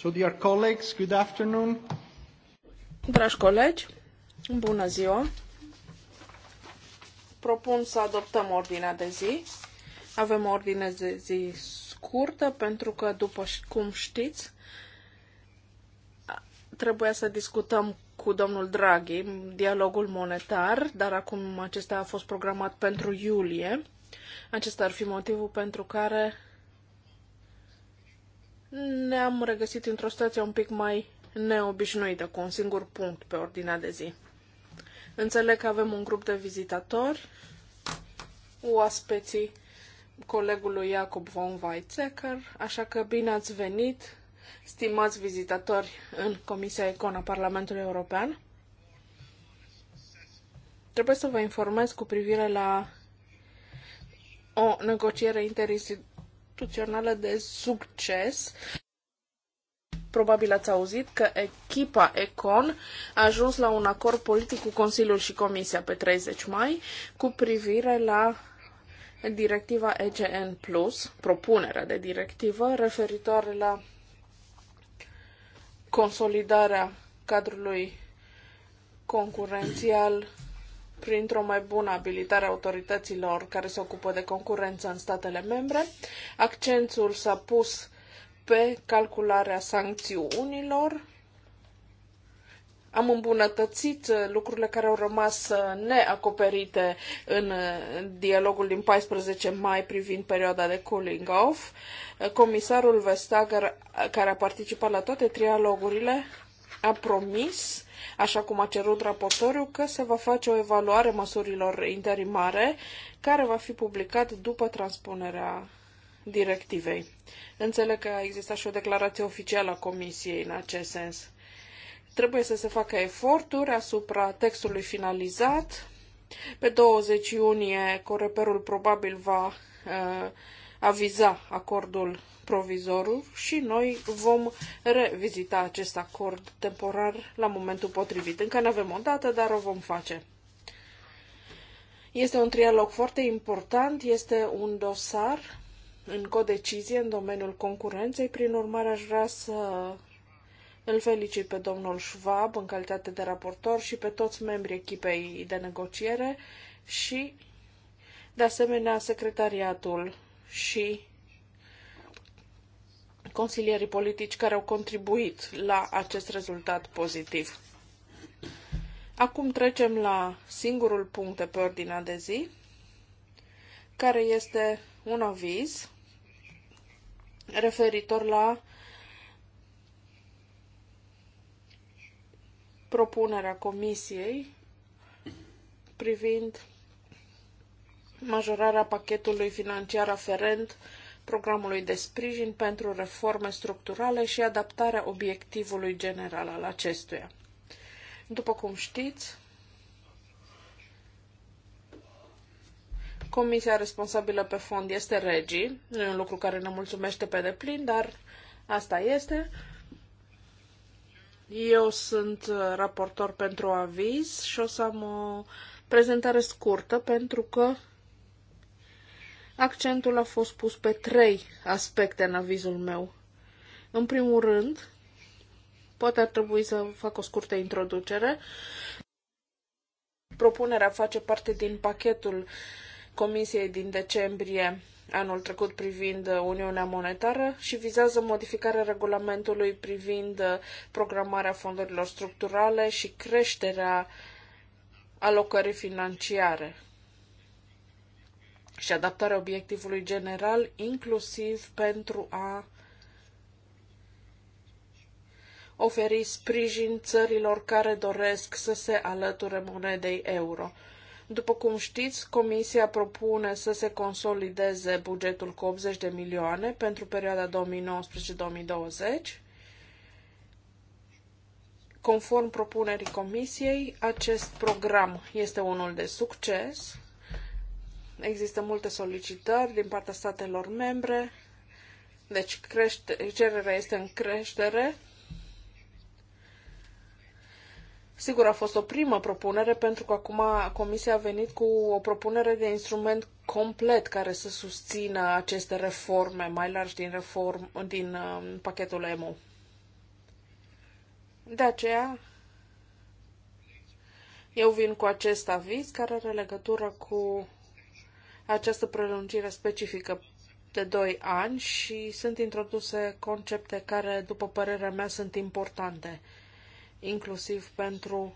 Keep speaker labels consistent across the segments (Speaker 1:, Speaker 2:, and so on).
Speaker 1: So, dear colleagues, good afternoon. Dragi colegi, bună ziua. Propun să adoptăm ordinea de zi. Avem ordine de zi scurtă pentru că, după cum știți, trebuia să discutăm cu domnul Draghi dialogul monetar, dar acum acesta a fost programat pentru iulie. Acesta ar fi motivul pentru care ne-am regăsit într-o situație un pic mai neobișnuită, cu un singur punct pe ordinea de zi. Înțeleg că avem un grup de vizitatori, oaspeții colegului Iacob von Weizsäcker, așa că bine ați venit, stimați vizitatori, în Comisia Econ a Parlamentului European. Trebuie să vă informez cu privire la o negociere interinstituțională instituțională de succes. Probabil ați auzit că echipa Econ a ajuns la un acord politic cu Consiliul și Comisia pe 30 mai cu privire la directiva EGN+, propunerea de directivă referitoare la consolidarea cadrului concurențial printr-o mai bună abilitare a autorităților care se ocupă de concurență în statele membre. Accentul s-a pus pe calcularea sancțiunilor. Am îmbunătățit uh, lucrurile care au rămas uh, neacoperite în uh, dialogul din 14 mai privind perioada de cooling off. Comisarul Vestager, care a participat la toate trialogurile, a promis așa cum a cerut raportorul, că se va face o evaluare măsurilor interimare care va fi publicat după transpunerea directivei. Înțeleg că a existat și o declarație oficială a Comisiei în acest sens. Trebuie să se facă eforturi asupra textului finalizat. Pe 20 iunie, Coreperul probabil va uh, aviza acordul Provizorul și noi vom revizita acest acord temporar la momentul potrivit. Încă nu avem o dată, dar o vom face. Este un trialog foarte important, este un dosar în codecizie în domeniul concurenței, prin urmare aș vrea să îl felicit pe domnul Schwab în calitate de raportor și pe toți membrii echipei de negociere și, de asemenea, secretariatul și consilierii politici care au contribuit la acest rezultat pozitiv. Acum trecem la singurul punct de pe ordinea de zi, care este un aviz referitor la propunerea Comisiei privind majorarea pachetului financiar aferent programului de sprijin pentru reforme structurale și adaptarea obiectivului general al acestuia. După cum știți, comisia responsabilă pe fond este Regi. Nu e un lucru care ne mulțumește pe deplin, dar asta este. Eu sunt uh, raportor pentru aviz și o să am o prezentare scurtă pentru că Accentul a fost pus pe trei aspecte în avizul meu. În primul rând, poate ar trebui să fac o scurtă introducere. Propunerea face parte din pachetul Comisiei din decembrie anul trecut privind Uniunea Monetară și vizează modificarea regulamentului privind programarea fondurilor structurale și creșterea alocării financiare și adaptarea obiectivului general, inclusiv pentru a oferi sprijin țărilor care doresc să se alăture monedei euro. După cum știți, Comisia propune să se consolideze bugetul cu 80 de milioane pentru perioada 2019-2020. Conform propunerii Comisiei, acest program este unul de succes Există multe solicitări din partea statelor membre, deci crește, cererea este în creștere. Sigur, a fost o primă propunere, pentru că acum Comisia a venit cu o propunere de instrument complet care să susțină aceste reforme mai largi din, reform, din uh, pachetul EMU. De aceea, eu vin cu acest aviz care are legătură cu această prelungire specifică de 2 ani și sunt introduse concepte care, după părerea mea, sunt importante, inclusiv pentru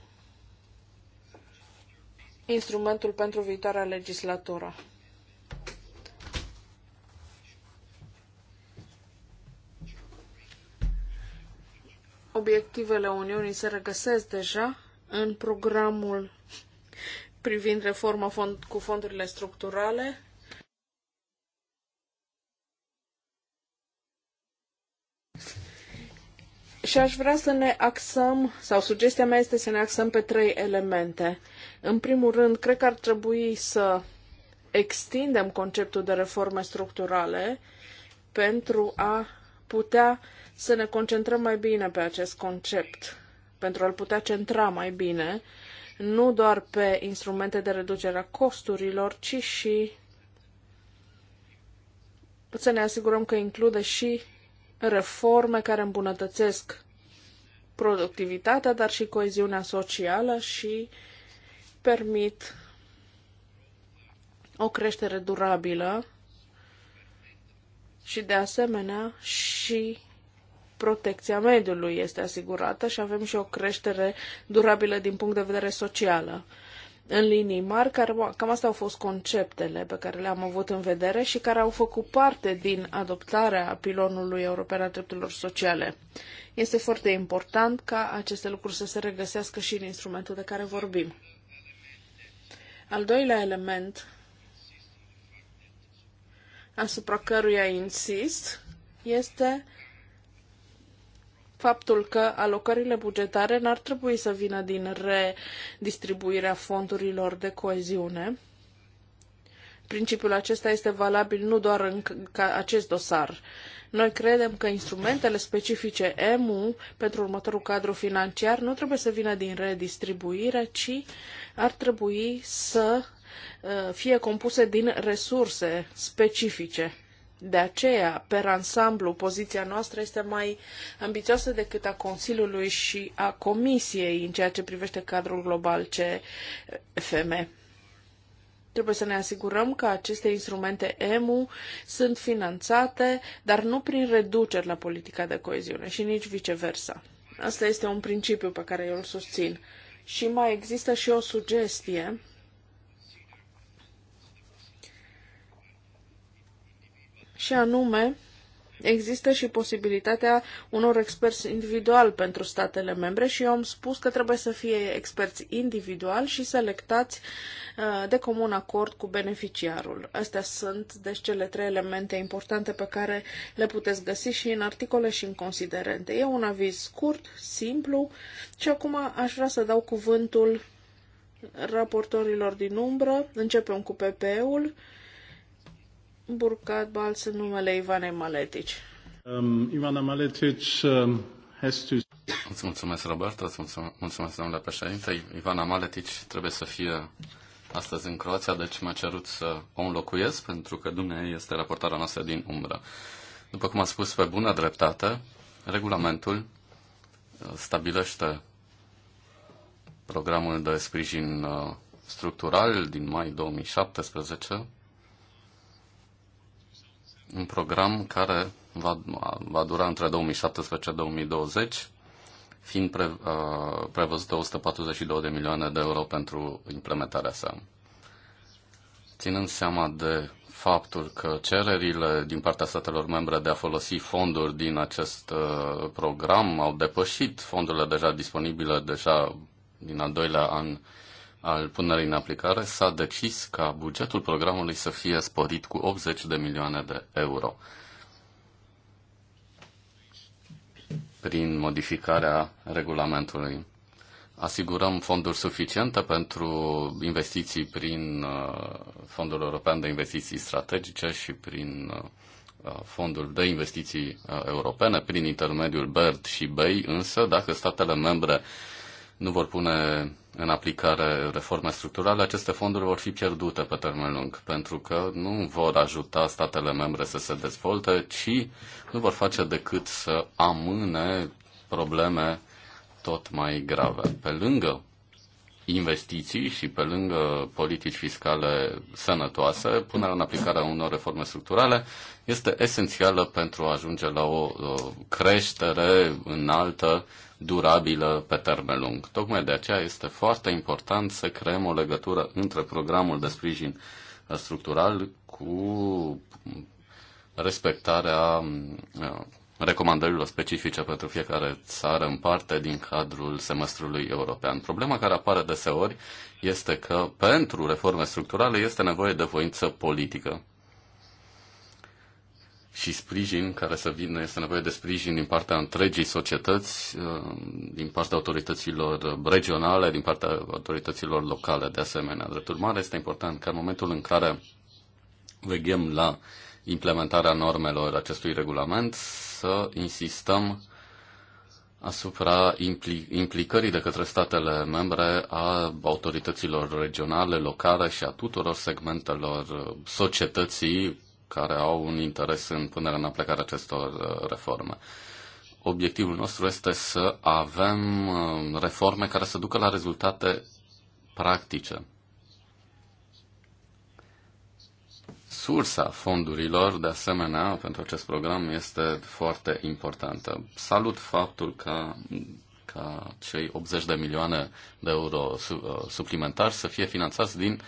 Speaker 1: instrumentul pentru viitoarea legislatură. Obiectivele Uniunii se regăsesc deja în programul privind reforma fond, cu fondurile structurale. Și aș vrea să ne axăm, sau sugestia mea este să ne axăm pe trei elemente. În primul rând, cred că ar trebui să extindem conceptul de reforme structurale pentru a putea să ne concentrăm mai bine pe acest concept, pentru a-l putea centra mai bine nu doar pe instrumente de reducere a costurilor, ci și să ne asigurăm că include și reforme care îmbunătățesc productivitatea, dar și coeziunea socială și permit o creștere durabilă și de asemenea și protecția mediului este asigurată și avem și o creștere durabilă din punct de vedere social. În linii mari, cam astea au fost conceptele pe care le-am avut în vedere și care au făcut parte din adoptarea pilonului european a drepturilor sociale. Este foarte important ca aceste lucruri să se regăsească și în instrumentul de care vorbim. Al doilea element asupra căruia insist este faptul că alocările bugetare n-ar trebui să vină din redistribuirea fondurilor de coeziune. Principiul acesta este valabil nu doar în acest dosar. Noi credem că instrumentele specifice EMU pentru următorul cadru financiar nu trebuie să vină din redistribuire, ci ar trebui să uh, fie compuse din resurse specifice de aceea, per ansamblu, poziția noastră este mai ambițioasă decât a Consiliului și a Comisiei în ceea ce privește cadrul global CFM. Trebuie să ne asigurăm că aceste instrumente EMU sunt finanțate, dar nu prin reduceri la politica de coeziune și nici viceversa. Asta este un principiu pe care eu îl susțin. Și mai există și o sugestie și anume Există și posibilitatea unor experți individual pentru statele membre și eu am spus că trebuie să fie experți individual și selectați uh, de comun acord cu beneficiarul. Astea sunt, deci, cele trei elemente importante pe care le puteți găsi și în articole și în considerente. E un aviz scurt, simplu și acum aș vrea să dau cuvântul raportorilor din umbră. Începem cu PPE-ul. Burcat Balț în numele Ivanei Maletici.
Speaker 2: Um, Ivana Maletici um, has to...
Speaker 3: Îți mulțumesc, Roberto, îți mulțumesc, mulțumesc, domnule președinte. Ivana Maletici trebuie să fie astăzi în Croația, deci m-a cerut să o înlocuiesc, pentru că dumneavoastră este raportarea noastră din umbră. După cum a spus pe bună dreptate, regulamentul uh, stabilește programul de sprijin uh, structural din mai 2017 un program care va, va dura între 2017-2020, fiind pre, uh, prevăzut 142 de milioane de euro pentru implementarea sa. Ținând seama de faptul că cererile din partea statelor membre de a folosi fonduri din acest uh, program au depășit fondurile deja disponibile deja din al doilea an al punerii în aplicare, s-a decis ca bugetul programului să fie sporit cu 80 de milioane de euro. Prin modificarea regulamentului asigurăm fonduri suficiente pentru investiții prin uh, Fondul European de Investiții Strategice și prin uh, uh, Fondul de Investiții Europene, prin intermediul BERD și BEI, însă dacă statele membre nu vor pune în aplicare reforme structurale, aceste fonduri vor fi pierdute pe termen lung, pentru că nu vor ajuta statele membre să se dezvolte, ci nu vor face decât să amâne probleme tot mai grave. Pe lângă investiții și pe lângă politici fiscale sănătoase, punerea în aplicare a unor reforme structurale este esențială pentru a ajunge la o creștere înaltă durabilă pe termen lung. Tocmai de aceea este foarte important să creăm o legătură între programul de sprijin structural cu respectarea uh, recomandărilor specifice pentru fiecare țară în parte din cadrul semestrului european. Problema care apare deseori este că pentru reforme structurale este nevoie de voință politică și sprijin care să vină, este nevoie de sprijin din partea întregii societăți, uh, din partea autorităților regionale, din partea autorităților locale, de asemenea. Drept urmare, este important că în momentul în care veghem la implementarea normelor acestui regulament, să insistăm asupra impli- implicării de către statele membre a autorităților regionale, locale și a tuturor segmentelor societății care au un interes în punerea în aplicare acestor uh, reforme. Obiectivul nostru este să avem uh, reforme care să ducă la rezultate practice. Sursa fondurilor, de asemenea, pentru acest program este foarte importantă. Salut faptul că ca cei 80 de milioane de euro uh, suplimentari să fie finanțați din uh,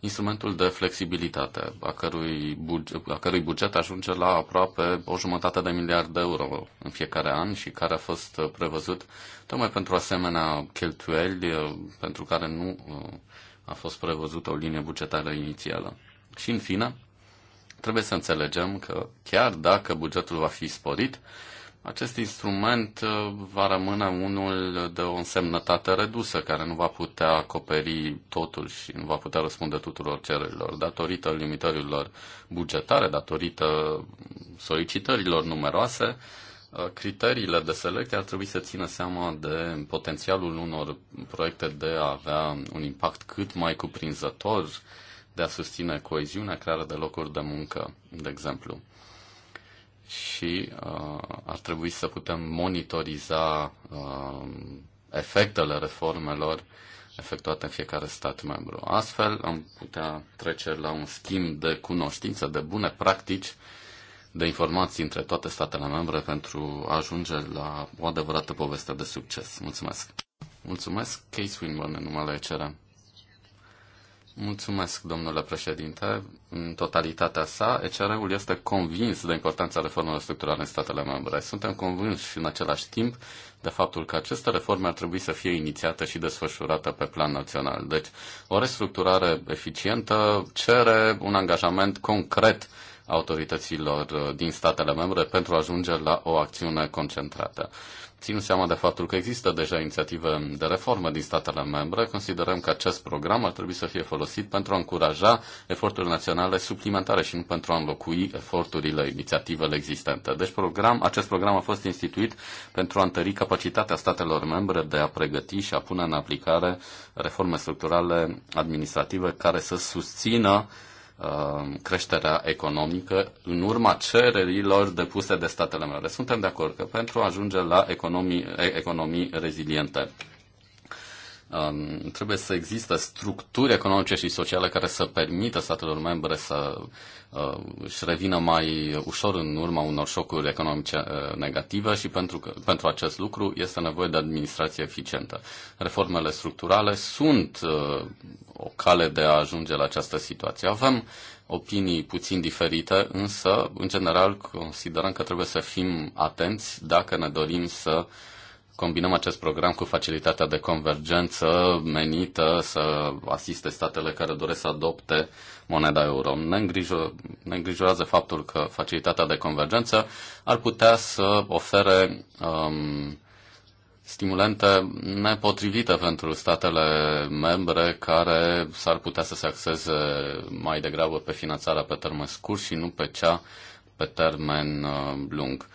Speaker 3: instrumentul de flexibilitate, a cărui, buget, a cărui buget ajunge la aproape o jumătate de miliard de euro în fiecare an și care a fost uh, prevăzut tocmai pentru asemenea cheltuieli uh, pentru care nu uh, a fost prevăzută o linie bugetară inițială. Și în fine, trebuie să înțelegem că chiar dacă bugetul va fi sporit, acest instrument uh, va rămâne unul de o însemnătate redusă, care nu va putea acoperi totul și nu va putea răspunde tuturor cererilor, datorită limitărilor bugetare, datorită solicitărilor numeroase. Uh, criteriile de selecție ar trebui să țină seama de potențialul unor proiecte de a avea un impact cât mai cuprinzător, de a susține coeziunea, crearea de locuri de muncă, de exemplu și uh, ar trebui să putem monitoriza uh, efectele reformelor efectuate în fiecare stat membru. Astfel am putea trece la un schimb de cunoștință, de bune practici, de informații între toate statele membre pentru a ajunge la o adevărată poveste de succes. Mulțumesc! Mulțumesc, Case Winburn, în numele CRM. Mulțumesc, domnule președinte. În totalitatea sa, ECR-ul este convins de importanța reformelor structurale în statele membre. Suntem convinși în același timp de faptul că aceste reforme ar trebui să fie inițiate și desfășurate pe plan național. Deci, o restructurare eficientă cere un angajament concret autorităților uh, din statele membre pentru a ajunge la o acțiune concentrată. Țin seama de faptul că există deja inițiative de reformă din statele membre, considerăm că acest program ar trebui să fie folosit pentru a încuraja eforturi naționale suplimentare și nu pentru a înlocui eforturile, inițiativele existente. Deci program, acest program a fost instituit pentru a întări capacitatea statelor membre de a pregăti și a pune în aplicare reforme structurale administrative care să susțină uh, Um, creșterea economică în urma cererilor depuse de statele membre. Suntem de acord că pentru a ajunge la economii, economii reziliente um, trebuie să existe structuri economice și sociale care să permită statelor membre să uh, își revină mai ușor în urma unor șocuri economice uh, negative și pentru, că, pentru acest lucru este nevoie de administrație eficientă. Reformele structurale sunt uh, o cale de a ajunge la această situație. Avem opinii puțin diferite, însă, în general, considerăm că trebuie să fim atenți dacă ne dorim să uh, combinăm acest program cu facilitatea de convergență menită să asiste statele care doresc să adopte moneda euro. Ne, îngrijor, ne îngrijorează faptul că facilitatea de convergență ar putea să ofere um, stimulente nepotrivite pentru statele membre care s-ar putea să se axeze mai degrabă pe finanțarea pe termen scurt și nu pe cea pe termen uh, lung.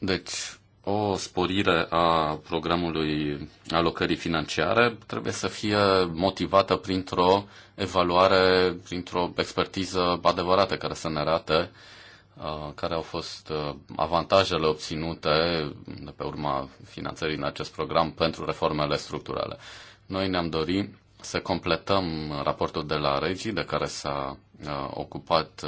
Speaker 3: Deci, o sporire a programului alocării financiare trebuie să fie motivată printr-o evaluare, printr-o expertiză adevărată care să ne arate uh, care au fost uh, avantajele obținute de pe urma finanțării în acest program pentru reformele structurale. Noi ne-am dorit să completăm raportul de la Regii, de care s-a uh, ocupat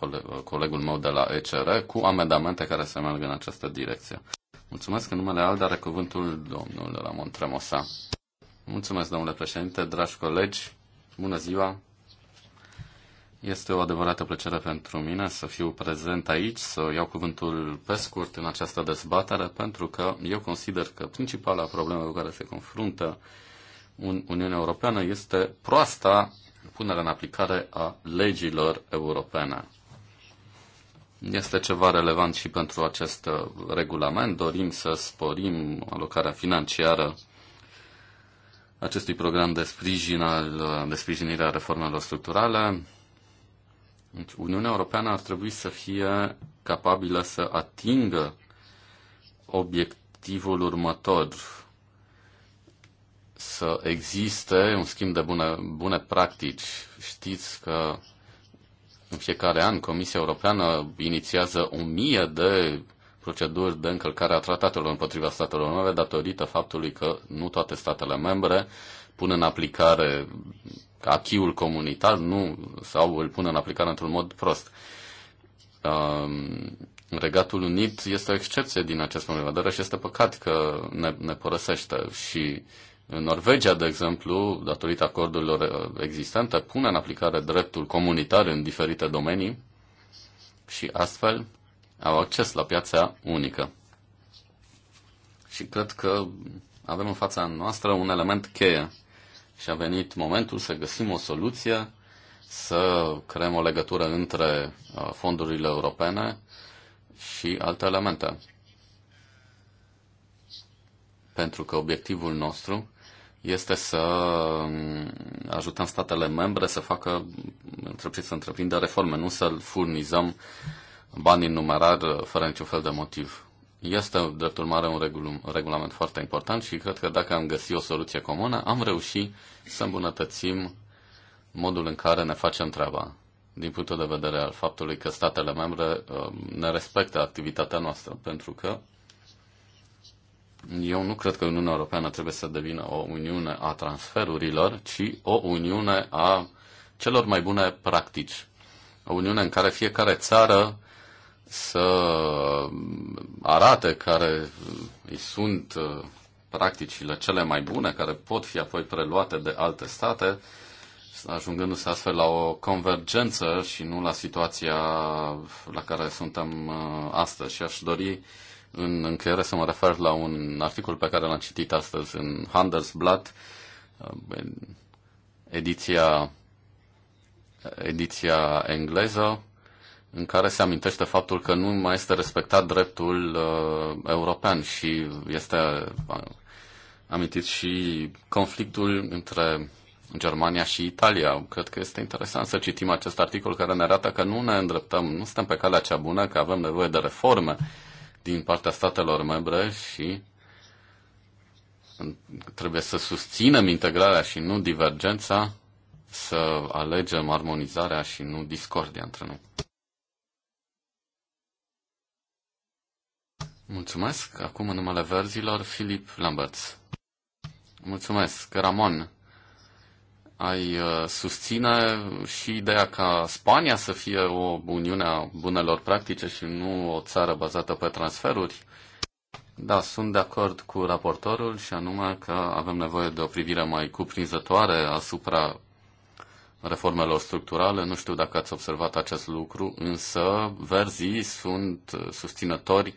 Speaker 3: uh, uh, colegul meu de la ECR, cu amendamente care să merg în această direcție. Mulțumesc. În numele Alda are cuvântul domnul de la Montremosa. Mulțumesc, domnule președinte, dragi colegi, bună ziua! Este o adevărată plăcere pentru mine să fiu prezent aici, să iau cuvântul pe scurt în această dezbatere, pentru că eu consider că principala problemă cu care se confruntă Uniunea Europeană este proasta punerea în aplicare a legilor europene. Este ceva relevant și pentru acest uh, regulament. Dorim să sporim alocarea financiară acestui program de sprijin al, uh, de sprijinire a reformelor structurale. Deci Uniunea Europeană ar trebui să fie capabilă să atingă obiectivul următor, să existe un schimb de bune, bune practici. Știți că în fiecare an Comisia Europeană inițiază o mie de proceduri de încălcare a tratatelor împotriva statelor membre datorită faptului că nu toate statele membre pun în aplicare achiul comunitar nu, sau îl pun în aplicare într-un mod prost. Um, Regatul Unit este o excepție din acest punct de vedere și este păcat că ne, ne părăsește și în Norvegia, de exemplu, datorită acordurilor uh, existente, pune în aplicare dreptul comunitar în diferite domenii și astfel au acces la piața unică. Și cred că avem în fața noastră un element cheie și a venit momentul să găsim o soluție, să creăm o legătură între uh, fondurile europene și alte elemente. Pentru că obiectivul nostru este să mm, ajutăm statele membre să facă, să întreprindă reforme, nu să-l furnizăm bani în numerar uh, fără niciun fel de motiv. Este, drept urmare, un regulament foarte important și cred că dacă am găsit o soluție comună, am reușit să îmbunătățim modul în care ne facem treaba, din punctul de vedere al faptului că statele membre uh, ne respectă activitatea noastră, pentru că eu nu cred că Uniunea Europeană trebuie să devină o uniune a transferurilor, ci o uniune a celor mai bune practici. O uniune în care fiecare țară să arate care îi sunt uh, practicile cele mai bune, care pot fi apoi preluate de alte state, ajungându-se astfel la o convergență și nu la situația la care suntem uh, astăzi. Și aș dori în încheiere să mă refer la un articol pe care l-am citit astăzi în Handelsblatt, uh, ediția, ediția engleză, în care se amintește faptul că nu mai este respectat dreptul uh, european și este uh, amintit și conflictul între Germania și Italia. Cred că este interesant să citim acest articol care ne arată că nu ne îndreptăm, nu suntem pe calea cea bună, că avem nevoie de reforme din partea statelor membre și trebuie să susținem integrarea și nu divergența, să alegem armonizarea și nu discordia între noi. Mulțumesc. Acum în numele verzilor, Filip Lamberts. Mulțumesc. Ramon, ai uh, susține și ideea ca Spania să fie o uniune a bunelor practice și nu o țară bazată pe transferuri? Da, sunt de acord cu raportorul și anume că avem nevoie de o privire mai cuprinzătoare asupra reformelor structurale. Nu știu dacă ați observat acest lucru, însă verzii sunt susținători uh,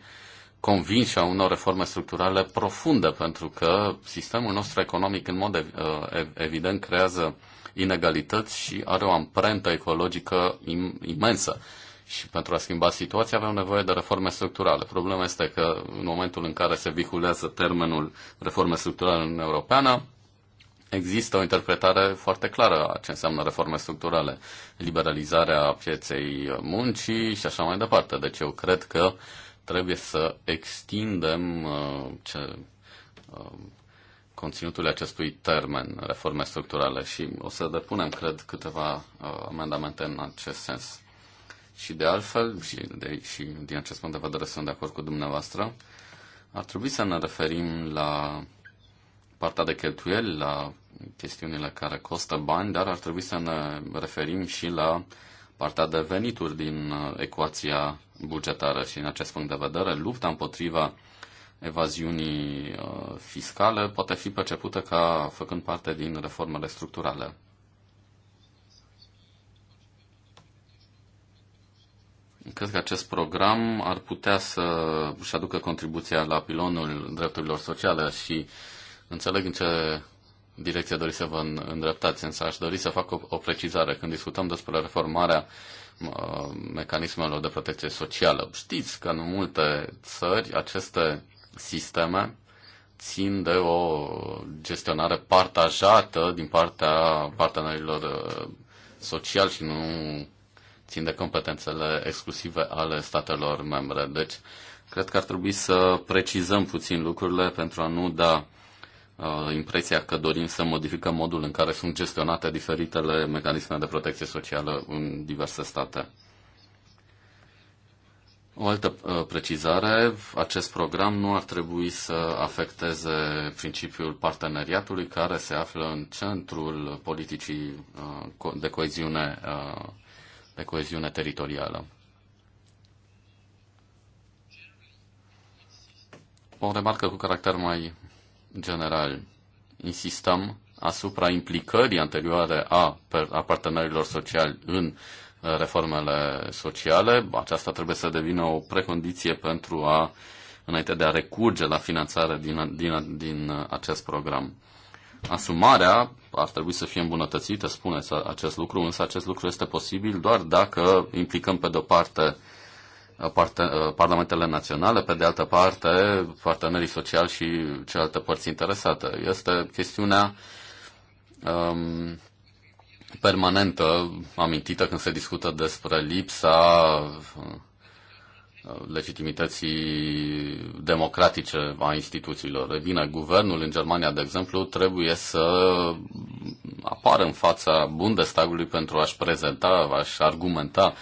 Speaker 3: convinși a unor reforme structurale profunde, pentru că sistemul nostru economic în mod uh, evident creează inegalități și are o amprentă ecologică imensă. Și pentru a schimba situația avem nevoie de reforme structurale. Problema este că în momentul în care se vehiculează termenul reforme structurale în Europeană, Există o interpretare foarte clară a ce înseamnă reforme structurale, liberalizarea pieței muncii și așa mai departe. Deci eu cred că trebuie să extindem uh, ce, uh, conținutul acestui termen, reforme structurale, și o să depunem, cred, câteva uh, amendamente în acest sens. Și de altfel, și, de, și din acest punct de vedere sunt de acord cu dumneavoastră, ar trebui să ne referim la partea de cheltuieli, la chestiunile care costă bani, dar ar trebui să ne referim și la partea de venituri din ecuația bugetară și în acest punct de vedere lupta împotriva evaziunii uh, fiscale poate fi percepută ca făcând parte din reformele structurale. Cred că acest program ar putea să își aducă contribuția la pilonul drepturilor sociale și înțeleg în ce Direcția doriți să vă îndreptați, însă aș dori să fac o, o precizare. Când discutăm despre reformarea mecanismelor de protecție socială, știți că în multe țări aceste sisteme țin de o gestionare partajată din partea partenerilor uh, social și nu țin de competențele exclusive ale statelor membre. Deci, cred că ar trebui să precizăm puțin lucrurile pentru a nu da Uh, impresia că dorim să modificăm modul în care sunt gestionate diferitele mecanisme de protecție socială în diverse state. O altă uh, precizare, acest program nu ar trebui să afecteze principiul parteneriatului care se află în centrul politicii uh, de coeziune, de coeziune teritorială. O remarcă cu caracter mai general, insistăm asupra implicării anterioare a, a partenerilor sociali în uh, reformele sociale. Aceasta trebuie să devină o precondiție pentru a, înainte de a recurge la finanțare din, din, din acest program. Asumarea ar trebui să fie îmbunătățită, spuneți acest lucru, însă acest lucru este posibil doar dacă implicăm pe de-o parte Uh, parlamentele naționale, pe de altă parte partenerii sociali și celelalte părți interesate. Este chestiunea um, permanentă, amintită când se discută despre lipsa uh, legitimității democratice a instituțiilor. E bine, guvernul în Germania, de exemplu, trebuie să apară în fața Bundestagului pentru a-și prezenta, a-și argumenta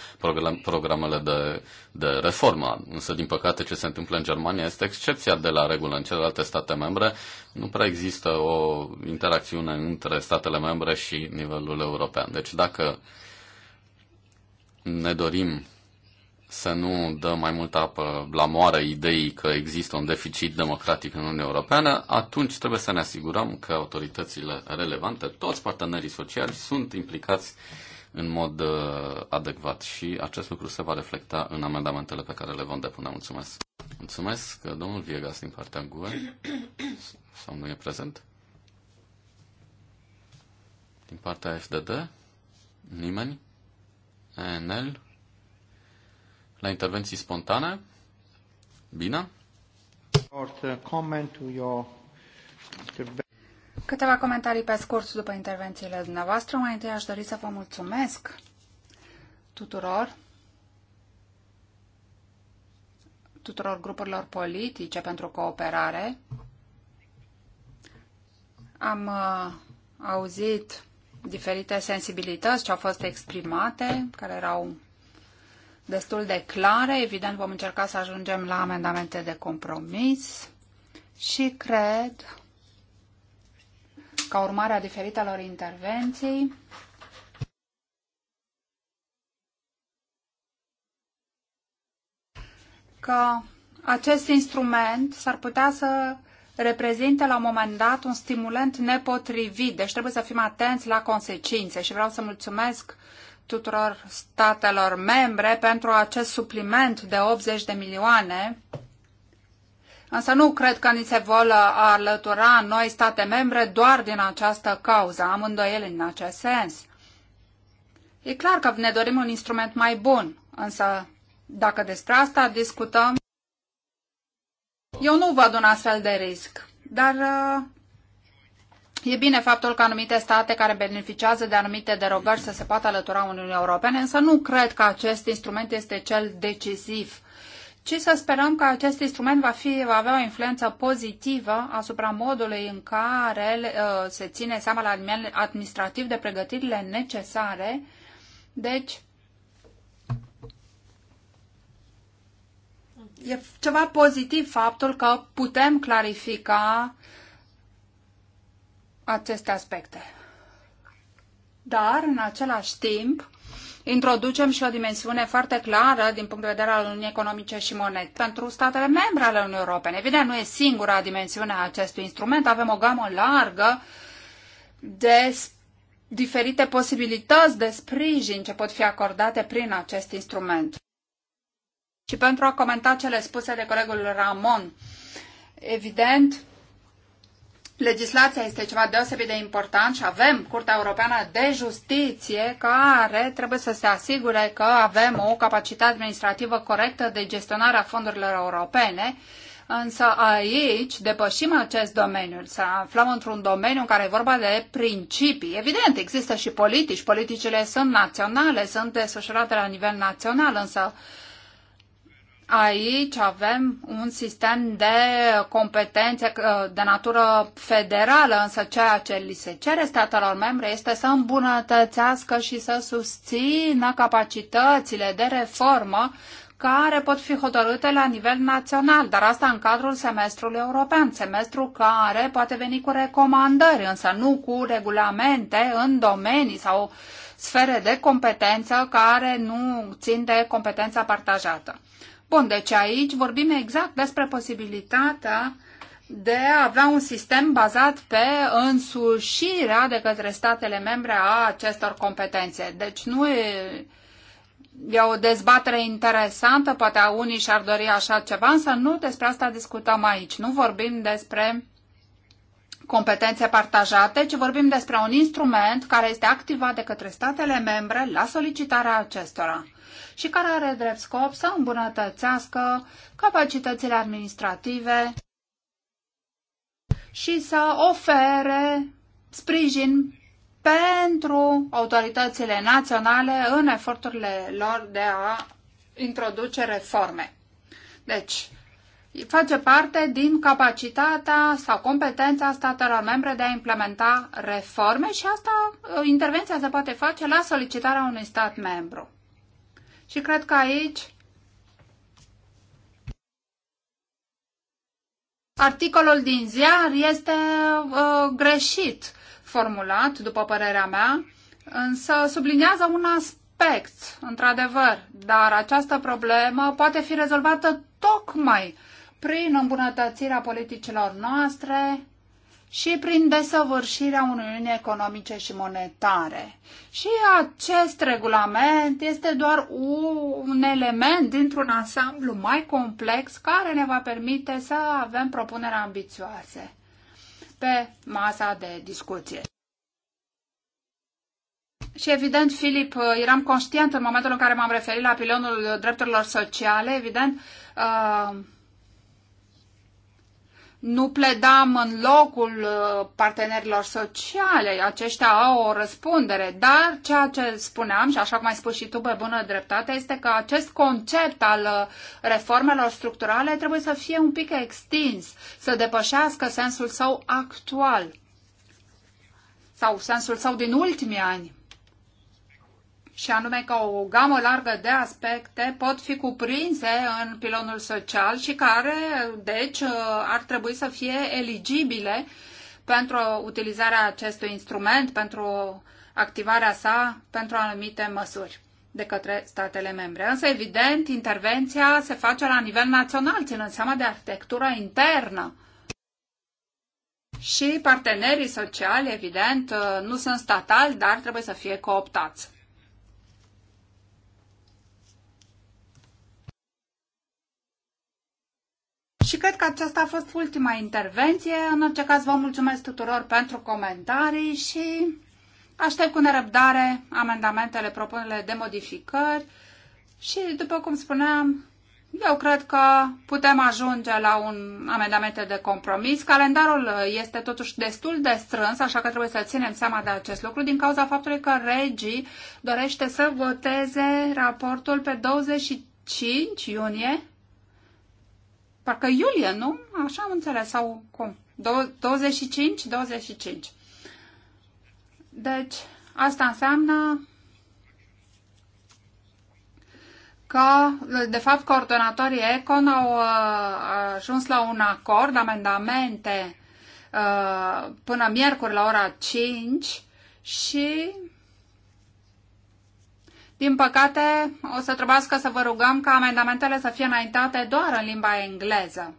Speaker 3: programele de, de reformă. Însă, din păcate, ce se întâmplă în Germania este excepția de la regulă. În celelalte state membre nu prea există o interacțiune între statele membre și nivelul european. Deci, dacă ne dorim să nu dăm mai multă apă la moară ideii că există un deficit democratic în Uniunea Europeană, atunci trebuie să ne asigurăm că autoritățile relevante, toți partenerii sociali, sunt implicați în mod uh, adecvat și acest lucru se va reflecta în amendamentele pe care le vom depune. Mulțumesc! Mulțumesc, domnul Viegas din partea GUE, sau nu e prezent? Din partea FDD? Nimeni? ANL? la intervenții spontane. Bine?
Speaker 1: Uh,
Speaker 2: Câteva comentarii pe scurt după intervențiile dumneavoastră. Mai întâi aș dori să vă mulțumesc tuturor tuturor grupurilor politice pentru cooperare. Am uh, auzit diferite sensibilități ce au fost exprimate, care erau destul de clare. Evident, vom încerca să ajungem la amendamente de compromis și cred, ca urmare a diferitelor intervenții, că acest instrument s-ar putea să reprezinte la un moment dat un stimulant nepotrivit, deci trebuie să fim atenți la consecințe și vreau să mulțumesc uh, tuturor statelor membre pentru acest supliment de 80 de milioane. Însă nu cred că ni se vor alătura noi state membre doar din această cauză. Am îndoieli în acest sens. E clar că ne dorim un instrument mai bun, însă dacă despre asta discutăm, eu nu văd un astfel de risc. Dar uh, E bine faptul că anumite state care beneficiază de anumite derogări să se poată alătura Uniunii Europene, însă nu cred că acest instrument este cel decisiv, ci să sperăm că acest instrument va, fi, va avea o influență pozitivă asupra modului în care uh, se ține seama la nivel administrativ de pregătirile necesare. Deci, e ceva pozitiv faptul că putem clarifica uh, aceste aspecte. Dar, în același timp, introducem și o dimensiune foarte clară din punct de vedere al Uniunii Economice și Monet pentru statele membre ale Uniunii Europene. Evident, nu e singura dimensiune a acestui instrument, avem o gamă largă de diferite posibilități de sprijin ce pot fi acordate prin acest instrument. Și pentru a comenta cele spuse de colegul Ramon, evident, Legislația este ceva deosebit de important și avem Curtea Europeană de Justiție care trebuie să se asigure că avem o capacitate administrativă corectă de gestionare a fondurilor europene, însă aici depășim acest domeniu, să aflăm într-un domeniu în care e vorba de principii. Evident, există și politici, politicile sunt naționale, sunt desfășurate la nivel național, însă uh, Aici avem un sistem de competențe uh, de natură federală, însă ceea ce li se cere statelor membre este să îmbunătățească și să susțină capacitățile de reformă care pot fi hotărâte la nivel național, dar asta în cadrul semestrului european, semestru care poate veni cu recomandări, însă nu cu regulamente în domenii sau sfere de competență care nu țin de competența partajată. Bun, deci aici vorbim exact despre posibilitatea de a avea un sistem bazat pe însușirea de către statele membre a acestor competențe. Deci nu e, e o dezbatere interesantă, poate a unii și-ar dori așa ceva, însă nu despre asta discutăm aici. Nu vorbim despre competențe partajate, ci vorbim despre un instrument care este activat de către statele membre la solicitarea acestora și care are drept scop să îmbunătățească capacitățile administrative și să ofere sprijin pentru autoritățile naționale în eforturile lor de a introduce reforme. Deci, face parte din capacitatea sau competența statelor membre de a implementa reforme și asta, uh, intervenția se poate face la solicitarea unui stat membru. Și cred că aici articolul din ziar este uh, greșit formulat, după părerea mea, însă sublinează un aspect, într-adevăr, dar această problemă poate fi rezolvată tocmai prin îmbunătățirea politicilor noastre, și prin desăvârșirea Uniunii Economice și Monetare. Și acest regulament este doar un element dintr-un ansamblu mai complex care ne va permite să avem propuneri ambițioase pe masa de discuție. Și evident, Filip, eram conștient în momentul în care m-am referit la pilonul drepturilor sociale, evident, uh, nu pledam în locul uh, partenerilor sociale, aceștia au o răspundere, dar ceea ce spuneam și așa cum ai spus și tu pe bună dreptate este că acest concept al uh, reformelor structurale trebuie să fie un pic extins, să depășească sensul său actual sau sensul său din ultimii ani și anume că o gamă largă de aspecte pot fi cuprinse în pilonul social și care, deci, ar trebui să fie eligibile pentru utilizarea acestui instrument, pentru activarea sa, pentru anumite măsuri de către statele membre. Însă, evident, intervenția se face la nivel național, ținând seama de arhitectura internă. Și partenerii sociali, evident, nu sunt statali, dar trebuie să fie cooptați. Și cred că aceasta a fost ultima intervenție. În orice caz, vă mulțumesc tuturor pentru comentarii și aștept cu nerăbdare amendamentele, propunerile de modificări și, după cum spuneam, eu cred că putem ajunge la un amendament de compromis. Calendarul este totuși destul de strâns, așa că trebuie să ținem seama de acest lucru din cauza faptului că regii dorește să voteze raportul pe 25 iunie Parcă iulie, nu? Așa am înțeles. Sau cum? 25? 25. Deci, asta înseamnă că, de fapt, coordonatorii ECON au uh, ajuns la un acord, amendamente, uh, până miercuri la ora 5 și din păcate, o să trebuiască să vă rugăm ca amendamentele să fie înaintate doar în limba engleză.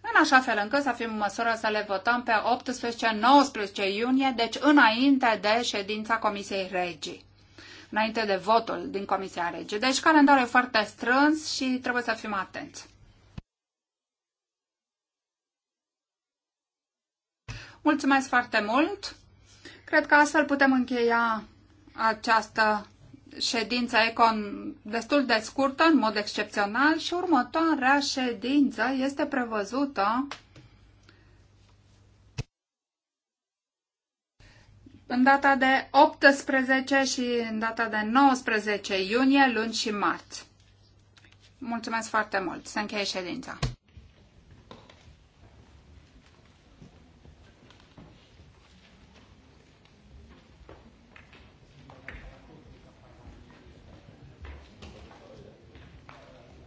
Speaker 2: În așa fel încât să fim în măsură să le votăm pe 18-19 iunie, deci înainte de ședința Comisiei Regii înainte de votul din Comisia Rege. Deci calendarul e foarte strâns și trebuie să fim atenți. Mulțumesc foarte mult! Cred că astfel putem încheia această ședința Econ destul de scurtă, în mod excepțional, și următoarea ședință este prevăzută în data de 18 și în data de 19 iunie, luni și marți. Mulțumesc foarte mult. Se încheie ședința.